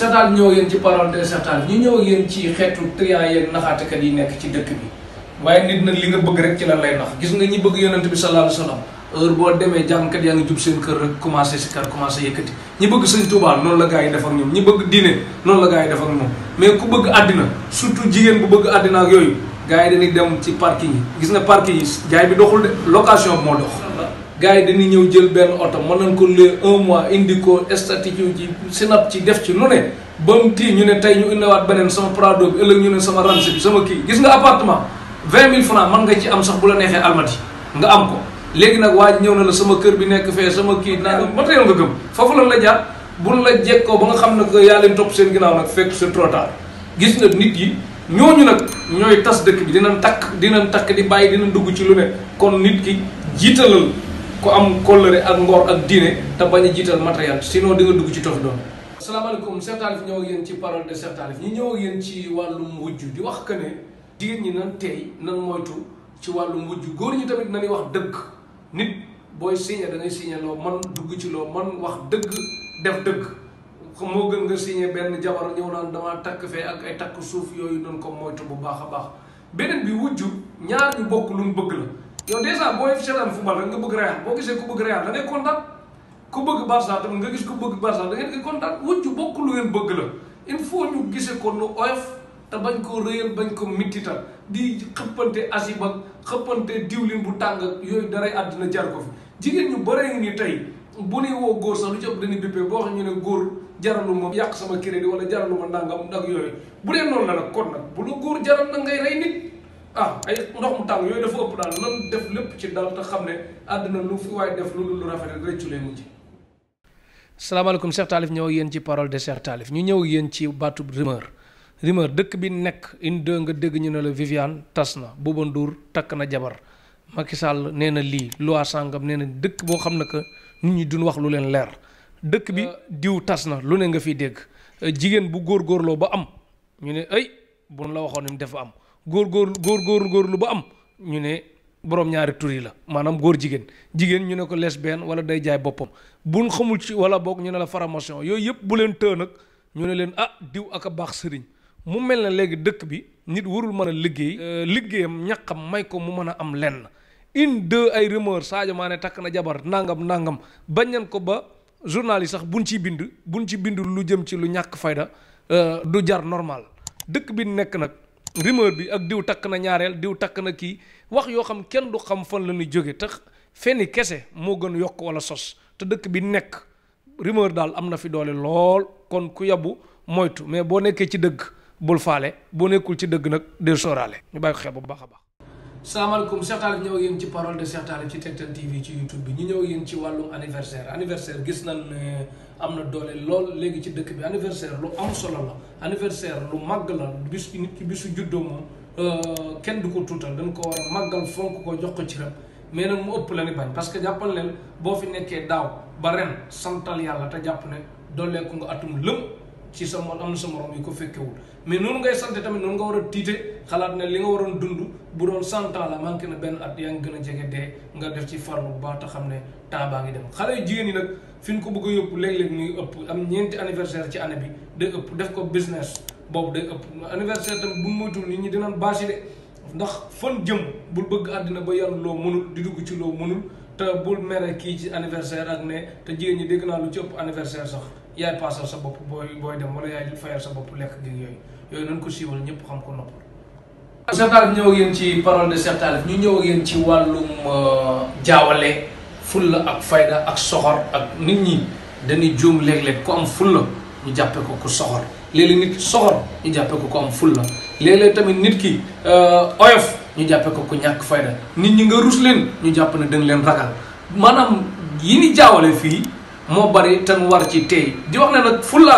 Cheikh Tall ñëw yéen ci parole de Cheikh Tall ñu ñëw yéen ci xeetu triant yeeg naxaatekat yi nekk ci dëkk bi waaye nit nag li nga bëgg rek ci lan lay nax gis nga ñi bëgg yonent bi sallallahu alayhi wasallam heure boo demee jàmmkat yaa ngi jub seen kër rek commencé si kar commencé yëkkati ñi bëgg sëñ Tuubaa noonu la gaa yi def ak ñoom ñi bëgg diine noonu la gaa yi def ak mais ku bëgg àddina surtout jigéen bu bëgg àddina ak yooyu gaa yi dañuy dem ci parking yi gis nga parking yi bi doxul de moo dox gars yi dañuy ñëw jël benn oto mën nañ ko louer un mois indi ko statut ci synap ci def ci lu ne ba mu tii ñu ne tey ñu indiwaat beneen sama Prado bi ëllëg ñu ne sama Range bi sama kii gis nga appartement vingt mille francs man nga ci am sax bu la neexee almati nga am ko léegi nag waa ñëw na la sama kër bi nekk fee sama kii naa ba tey nga gëm foofu lan la jaar buñ la jekkoo ba nga xam ne que yaa leen topp seen ginnaaw nag fekk c'est trop tard nga nit yi ñooñu nag ñooy tas dëkk bi dinañ takk dinañ takk di bàyyi dinañ dugg ci lu ne kon nit ki jiitalal ku am kóllëre ak ngor ak diine te bañ a jiital matériel sinon di nga dugg ci tof doon asalaamaaleykum Cheikh Talif ñëw yéen ci parole de Cheikh Talif ñëw yéen ci wàllum wujj di wax que ne jigéen ñi nan tey nan moytu ci wàllum wujj góor ñi tamit nañuy wax dëkk nit booy signé da ngay signé loo man dugg ci loo man wax dëgg def dëgg moo gën nga signé benn jabar ñëw naan damaa takk fee ak ay takk suuf yooyu doon ko moytu bu baax a baax beneen bi wujj ñaar ñu bokk lu mu bëgg la yow dèjà booy seetaan football rek nga bëgg Real boo gisee ku bëgg Real da ngay kontaan ku bëgg Barça tamit nga gis ku bëgg Barça da ngeen di bokk lu ngeen bëgg la il ñu gisee ko nu oyof te bañ ko rëyal bañ ko mittital di xëppante asib xëppante diwlin bu tàng yooyu daray àddina jar ko fi jigéen ñu bëree ngi ni tey bu ne woo góor sax lu ci ëpp dañuy béppee boo xam ñu ne góor jaralu ma yàq sama crédit wala jaralu ma nangam ak yooyu bu dee ah ay ndox tàng yooyu dafa ëpp daal def lépp ci daal te xam ne àdduna lu fi waaye def lu lu rafet rëccu lay mujj. salaamaaleykum Cheikh Talif ñëw yéen ci parole de Cheikh Talif ñu ñëw yéen ci baatu rumeur rumeur dëkk bi nekk une deux nga dégg ñu ne la Viviane tas na Bouba Ndour takk na jabar Macky Sall nee na lii loi sangam nee na dëkk boo xam ne que nit ñi duñ wax lu leen leer dëkk bi euh, diw tas na lu ne nga fi dégg euh, jigéen bu góor góorloo ba am ñu ne ay la waxoon ni def am. góor góor góor góor góorlu ba am ñu ne borom ñaari tur la maanaam góor jigéen jigéen ñu ne ko lesbienne wala day jaay boppam bun xamul ci wala boog ñu ne la formation yooyu yëpp bu leen tëë nag ñu ne leen ah diw ak a baax sëriñ mu mel na léegi dëkk bi nit warul mën a liggéey euh, liggéeyam ñàqam may ko mu mën a am lenn une deux ay rumeur Sadio ne takk na jabar nangam bañ bañan ko ba journal yi sax buñ ci bind buñ ci bind lu jëm ci lu ñàkk fayda euh, du jar normal dëkk bi nekk nag rumeur bi ak diw takk na ñaareel diw takk na kii wax yoo xam kenn du xam fan la ñuy jóge tax fenni kese moo gën yokk wala sos te dëkk bi nekk rumeur daal am na fi doole lool kon ku yabbu moytu mais boo nekkee ci dëgg bul faale boo nekkul ci dëgg nag del sóoraale ñu bàyyi ko xel bu baax a baax salaamaaleykum Cheikh Talif ñëw yéen ci parole de Cheikh Talif ci Tektal TV ci YouTube bi ñu ñëw yéen ci wàllu anniversaire anniversaire gis na ne am na doole lool léegi ci dëkk bi anniversaire lu am solo la anniversaire lu màgg la bis nit ki bisu juddoo moom euh, kenn du ko tuutal dañ ko war a fonk ko jox ko ci rek mais na mu ëpp la ni bañ parce que jàppal leen boo fi nekkee daaw ba ren santal yàlla te jàpp ne dooleeku nga atum lëm ci sa am na sa morom yu ko fekkewul mais noonu ngay sant tamit noonu nga war a tiite xalaat ne li nga waroon dund bu doon cent ans la manqué na benn at yaa ngi gën a jege dee nga def ci farlu bu baax te xam ne temps baa ngi dem xale yu jigéen nag fi ñu ko bëgg a yóbbu léeg-léeg ëpp am ñeenti anniversaire ci année bi day ëpp def ko business boobu day ëpp anniversaire tamit bu moytul nit ñi dinañ bâché ndax fan jëm bul bëgg àddina ba yan loo mënul di dugg ci loo mënul te bul mere kii ci anniversaire ak ne te jigéen ñi dégg naa lu ci ëpp anniversaire sax yaay paasal sa bopp booy booy dem wala yaay fayal sa bopp lekk gi yooyu yooyu nañ ko siiwal ñëpp xam ko noppal. Cheikh Talif ñëw ak ci parole de ñu ñëw ak ci wàllum euh, jaawale fulla ak fayda ak soxor ak nit ñi dañuy juum léeg-léeg ku am fulla ñu jàppe ko ku soxor léeg-léeg nit ki soxor ñu jàppe ko ku am fulla léeg-léeg tamit nit ki euh, oyof ñu jàppe ko ku ñàkk fayda nit ñi nga rus leen ñu jàpp ne da leen ragal maanaam yi ni jaawale fii. moo bari te war ci tey di wax ne nag fulla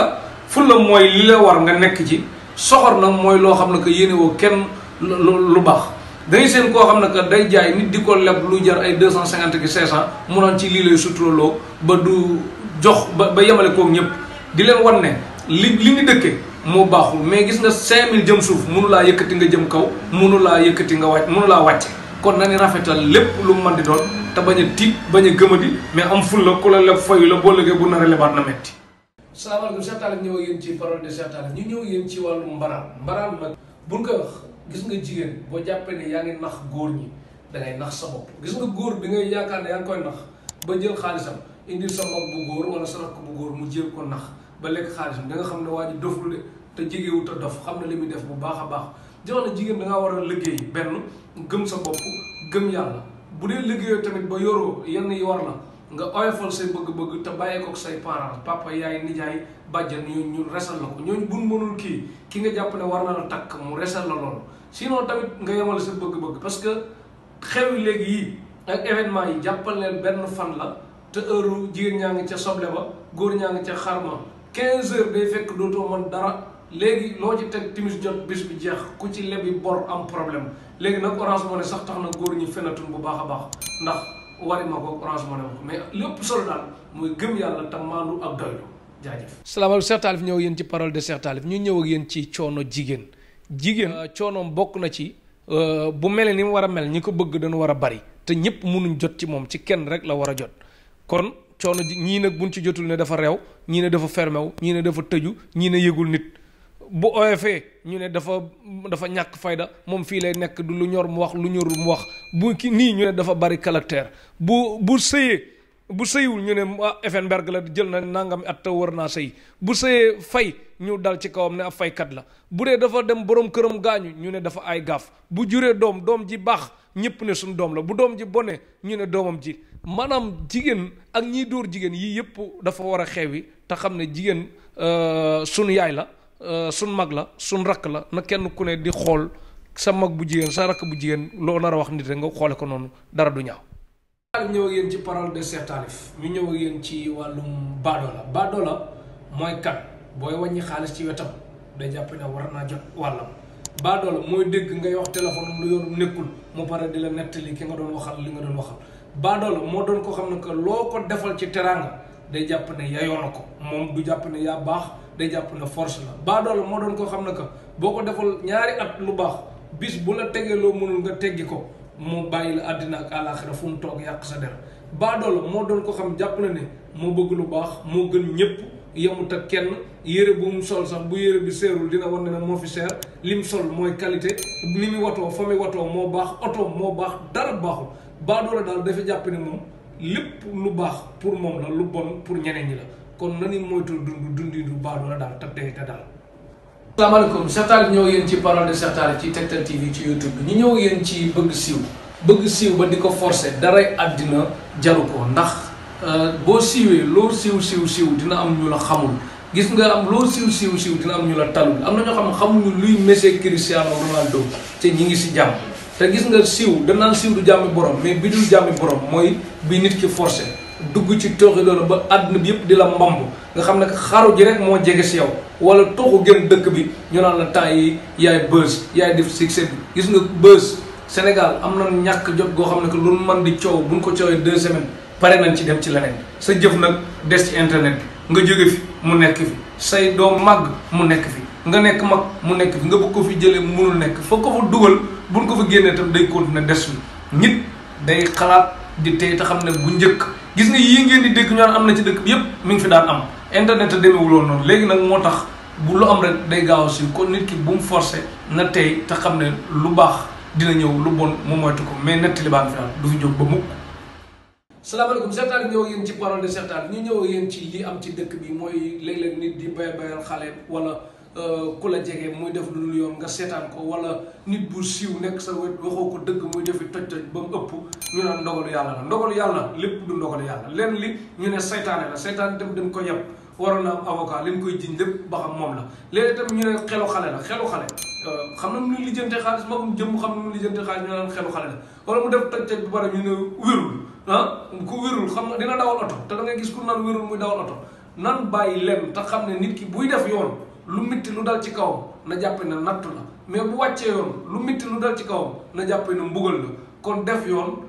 fulla mooy li la war nga nekk ci soxor nag mooy loo xam ne que yéene woo kenn lu baax dañuy seen koo xam ne que day jaay nit di ko leb lu jar ay deux cent cinquante ki cinq sant mu naan ci lii lay suturaloo ba du jox ba ba yemale kook ñëpp di leen wan ne li li ñu dëkke moo baaxul mais gis nga cinq mille jëm suuf mënu laa yëkkati nga jëm kaw mënu laa yëkkati nga wàcc mënu laa wàcc kon na rafetal lépp lu mën di doon te bañ a tiit bañ a gëmadi mais am ful ku la leb fayu la boo lëggee bu nar a lebaat na metti salaamaaleykum Cheikh Talib ñëw yéen ci parole de Cheikh Talib ñu ñëw yéen ci wàllu mbaraan mbaraan nag buñ koy gis nga jigéen boo jàppee ne yaa ngi nax góor ñi da ngay nax sa bopp gis nga góor bi ngay yaakaar ne yaa ngi koy nax ba jël xaalisam indi sa mag bu góor wala sa rakk bu góor mu jël ko nax ba lekk xaalisam da nga xam ne waa ji doful de te jigéewu te dof xam ne li muy def bu baax a baax di wax jigéen da ngaa war a liggéey benn gëm sa bopp gëm yàlla bu dee liggéeyoo tamit ba yoroo yenn yi war la nga oyofal say bëgg-bëgg te bàyyee ko say parents papa yaay nijaay bàjjan ñu ñu resal la ko ñooñu buñ mënul kii ki nga jàpp war na la takk mu resal la loolu sinon tamit nga yemal sa bëgg-bëgg parce que xew yi léegi yii ak événement yi jàppal leen benn fan la te heure jigéen ñaa ngi ca soble ba góor ñaa ngi ca xarma 15 heures day fekk dootoo mën dara léegi loo ci teg timis jot bis bi jeex ku ci lebi bor am problème léegi nag orange money sax tax na góor ñi fenatun bu baax a baax ndax wari ma ko ma ko mais lépp solo daal mooy gëm yàlla te maandu ak doylu jaajëf. salaamaaleykum Cheikh Talif ñëw yéen ci parole de Cheikh Talif ñu ñëw ak yéen ci coono jigéen jigéen euh, coonoom bokk na ci euh, bu mele ni mu war a mel ñi ko bëgg dañu war a bari te ñëpp mënuñ jot ci moom ci kenn rek la war a jot kon coono ji ñii nag buñ ci jotul ne dafa réew ñii ne dafa fermé wu ñii ne dafa tëju ñii ne yëgul nit bu oyofee ñu ne dafa dafa ñàkk fayda moom fii lay nekk du lu ñor mu wax lu ñorul mu wax bu ki nii ñu ne dafa bari caractère bu bu sëyee bu sëyiwul ñu ne ah, Effenberg la jël na nangam at war naa sëy bu sëyee fay ñu dal ci kawam ne ab faykat la bu dee dafa dem borom këram gaañu ñu ne dafa ay gaaf bu juree doom doom ji baax ñëpp ne suñ doom la bu doom ji bone ñu ne doomam ji maanaam jigéen ak ñiy dóor jigéen yii yëpp dafa war a xewi te xam ne jigéen euh, sunu yaay la. Euh, sun mag la sun rakk la na kenn ku ne di xool sa mag bu jigéen sa rakk bu jigéen loo nar a wax nit rek nga xoole ko noonu dara du ñaaw. ñu ñëw ak yéen ci parole de Cheikh Talif ñu ñëw ak ci wàllum baadoola baadoola mooy kan booy wàññi xaalis ci wetam day jàpp ne war naa jot wàllam baadoola mooy dégg ngay wax téléphone lu yoonu nekkul mu pare di la nettali ki nga doon waxal li nga doon waxal baadoola moo doon ko xam ne que loo ko defal ci teraanga day jàpp ne yayoo ko moom du jàpp ne yaa baax. day jàpp na force la baadoola moo doon koo xam na que boo ko deful ñaari at lu baax bis bu la tegee loo mënul nga teggi ko mu bàyyi la àddina ak àllaaxira fu mu toog yàq sa der baadoola moo doon ko xam jàpp na ne moo bëgg lu baax moo gën ñëpp yemut ak kenn yére bu mu sol sax bu yére bi seerul dina wan ne moo fi seer lim sol mooy qualité ni muy watoo fa muy watoo moo baax oto moo baax dara baaxul baadoola daal dafa jàpp ne moom lépp lu baax pour moom la lu bon pour ñeneen ñi la kon nanu moytu dund dundi du baalu la daal tag de te daal salaamaaleykum Cheikh Talib ñëw yéen ci parole de Cheikh Talib ci Tektal TV ci YouTube bi ñu ñëw yéen ci bëgg siiw bëgg siiw ba di ko forcer daray àddina jaru ko ndax euh, boo siiwee loolu siiw siiw siiw dina am ñu la xamul gis nga am loolu siiw siiw siiw dina am ñu la talul am na ñu xam ne xamuñu luy Messi Cristiano Ronaldo te ñi ngi si jàmm te gis nga siiw danaan siiw du jàmmi borom mais bi dul jàmmi forcé dugg ci tooxi doonu ba àdduna bi yëpp di la mbamb nga xam ne xaru ji rek moo jege si yow wala toxu gën dëkk bi ñu naan la temps yi yaay bës yaay def succès bi gis nga bës Sénégal am na ñàkk jot goo xam ne que lu mën di coow bu buñ ko coowee deux semaines pare nañ ci dem ci leneen sa jëf nag des ci internet bi nga jóge fi mu nekk fi say doom màgg mu nekk fi nga nekk mag mu nekk fi nga bëgg ko fi jëlee munul nekk foog ko fa dugal buñ ko fa génnee tam day continuer des fi nit xalaat di tey te xam ne bu njëkk gis nga yii ngeen di dëkk ñu am na ci dëkk bi yépp mi ngi fi daan am internet te demeewuloon noonu léegi nag moo tax bu lu am rek day gaaw si kon nit ki bu mu forcé na tey te xam ne lu baax dina ñëw lu bon mu moytu ko mais nettali baa ngi fi daan du fi jóg ba mukk salaamaaleykum seetaan ñëw yéen ñëw yéen ci li am ci dëkk bi mooy léeg-léeg nit di bay bayal xale wala Euh, ku la jege muy def lu dul yoon nga seetaan ko wala nit bu siiw nekk sa wet waxoo ko dëgg muy defi toj-toj ba mu ëpp ñu naan ndogalu yàlla la ndogalu yàlla lépp du ndogalu yàlla leen li ñu ne saytaane la saytaane dem dañ ko yam waroon na am avocat leen koy jiñ lépp ba xam moom la léegi itam ñu ne xelu xale la xelu xale euh, xam na mu nu lijjante xaalis magum jëm xam na mu lijjante xaalis ñu naan xelu xale la wala mu def toj-toj bu bare ñu ne wérul ah ku wérul xam nga dina dawal oto te da ngay gis ku naan wérul muy dawal oto nan bàyyi leen te xam ne nit ki buy def yoon lu mitt lu dal ci kawam na jàppe na nattu la mais bu wàccee yoon lu mitti lu dal ci kawam na jàppe na mbugal la kon def yoon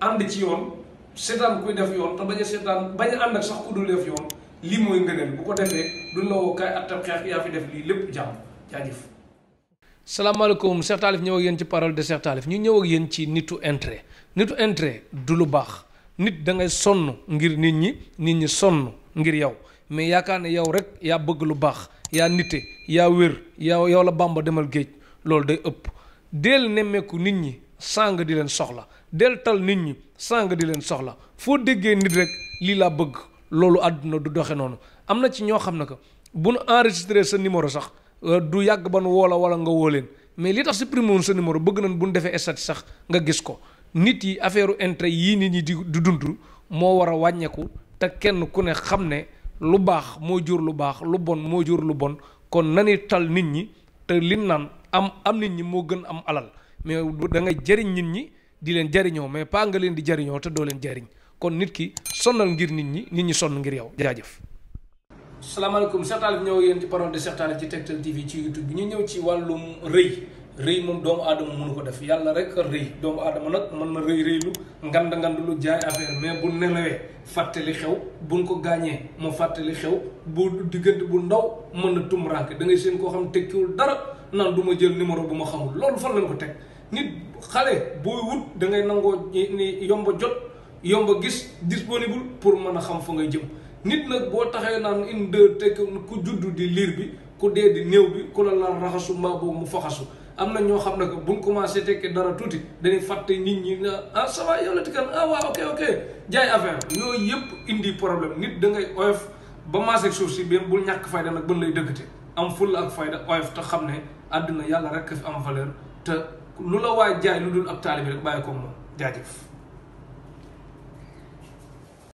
ànd ci yoon seetaan kuy def yoon te bañ a seetaan bañ a ànd ak sax ku dul def yoon lii mooy ngëneel bu ko defee duñ la kaay attab yaa fi def lii lépp jàmm jaajëf. salaamaaleykum Cheikh Talif ñëw ak yéen ci parole de Cheikh Talif ñu ñëw ak yéen ci nitu intérêt nitu intérêt du lu baax nit da ngay sonn ngir nit ñi nit ñi sonn ngir yow. mais yaakaar ne yow rek yaa bëgg lu baax yaa nite yaa wér yaa yow la bàmba demal géej loolu day ëpp del nemmeeku nit ñi sang di leen soxla del tal nit ñi sang di leen soxla foo déggee nit rek lii laa bëgg loolu àdduna du doxe noonu am na ci ñoo xam ne que bu nu enregistré sa numéro sax euh, du yàgg ban woola wala nga woo leen mais li tax supprimé woon sa numéro bëgg nañ bu nu defee stat sax nga gis ko nit yi affaire intérêt yii nit ñi di du dund moo war a wàññeeku te kenn ku ne xam ne lu baax moo jur lu baax lu bon moo jur lu bon kon nani tal nit ñi te lin naan am am nit ñi moo gën am alal mais da ngay jariñ nit ñi di leen jariñoo mais pas nga leen di jariñoo te doo leen jariñ kon nit ki sonnal ngir nit ñi nit ñi sonn ngir yow jaajëf salaamaaleykum Cheikh Talif ñëw yen ci parole de Cheikh Talif ci Tektal TV ci YouTube bi ñu ñëw ci wàllum rëy rëy moom doomu aadama mënu ko def yàlla rek rëy doomu adama nag mën na rëy rëylu ngand ngand lu jaay affaire mais bu nelawee fàtte li xew buñ ko gaañee mu fàttali xew bu diggante bu ndaw mën na tum ranke da ngay seen koo xam tekkiwul dara naan du ma jël numéro bu ma xamul loolu fan lañ ko teg nit xale booy wut da ngay nangoo ni yomb jot yomb gis disponible pour mën a xam fa ngay jëm nit nag boo taxee naan une deux tekk ku juddu di liir bi ku dee di néew bi ku la la raxasu mbaa boobu mu faxasu am na ñoo xam ne que buñ commencé tekki dara tuuti dañuy fàtte nit ñi ne ah ça va yow la tikkan ah waaw ok ok jaay affaire yooyu yëpp indi problème nit da ngay oyof ba maasee suuf si benn bul ñàkk fayda nag bën lay dëggte am fulla ak fayda oyof te xam ne àdduna yàlla rek fi am valeur te lu la waay jaay lu dul ab taalibi rek bàyyi ko moom jaajëf